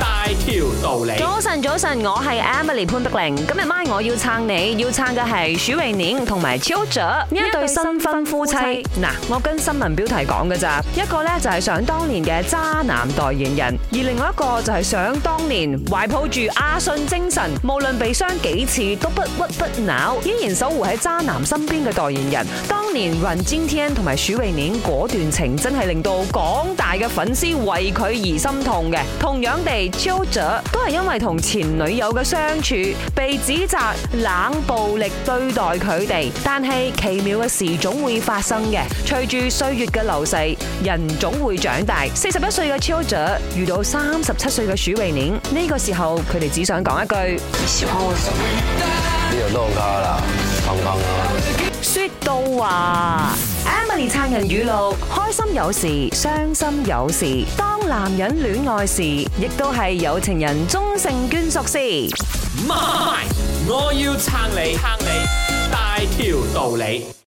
大條道理早，早晨早晨，我係 Emily 潘德玲。今日晚我要撐你，要撐嘅係許維年同埋 c h d r e n 呢一對新婚夫妻。嗱，我跟新聞標題講嘅咋，一個呢就係想當年嘅渣男代言人，而另外一個就係想當年懷抱住阿信精神，無論被傷幾次都不屈不撓，依然守護喺渣男身邊嘅代言人。當年雲尖 t n 同埋許維年果段情真係令到廣大嘅粉絲為佢而心痛嘅。同樣地。Joker 都係因為同前女友嘅相處被指責冷暴力對待佢哋。但係奇妙嘅事總會發生嘅。隨住歲月嘅流逝，人總會長大。四十一歲嘅 Joker 遇到三十七歲嘅鼠榮年，呢個時候佢哋只想講一句：你喜歡我，呢度當家啦，嘭嘭啊！說到話，Emily 撐人語錄，開心有時，傷心有時。當男人戀愛時，亦都係有情人終成眷屬時。媽咪，我要撐你，撐你大條道理。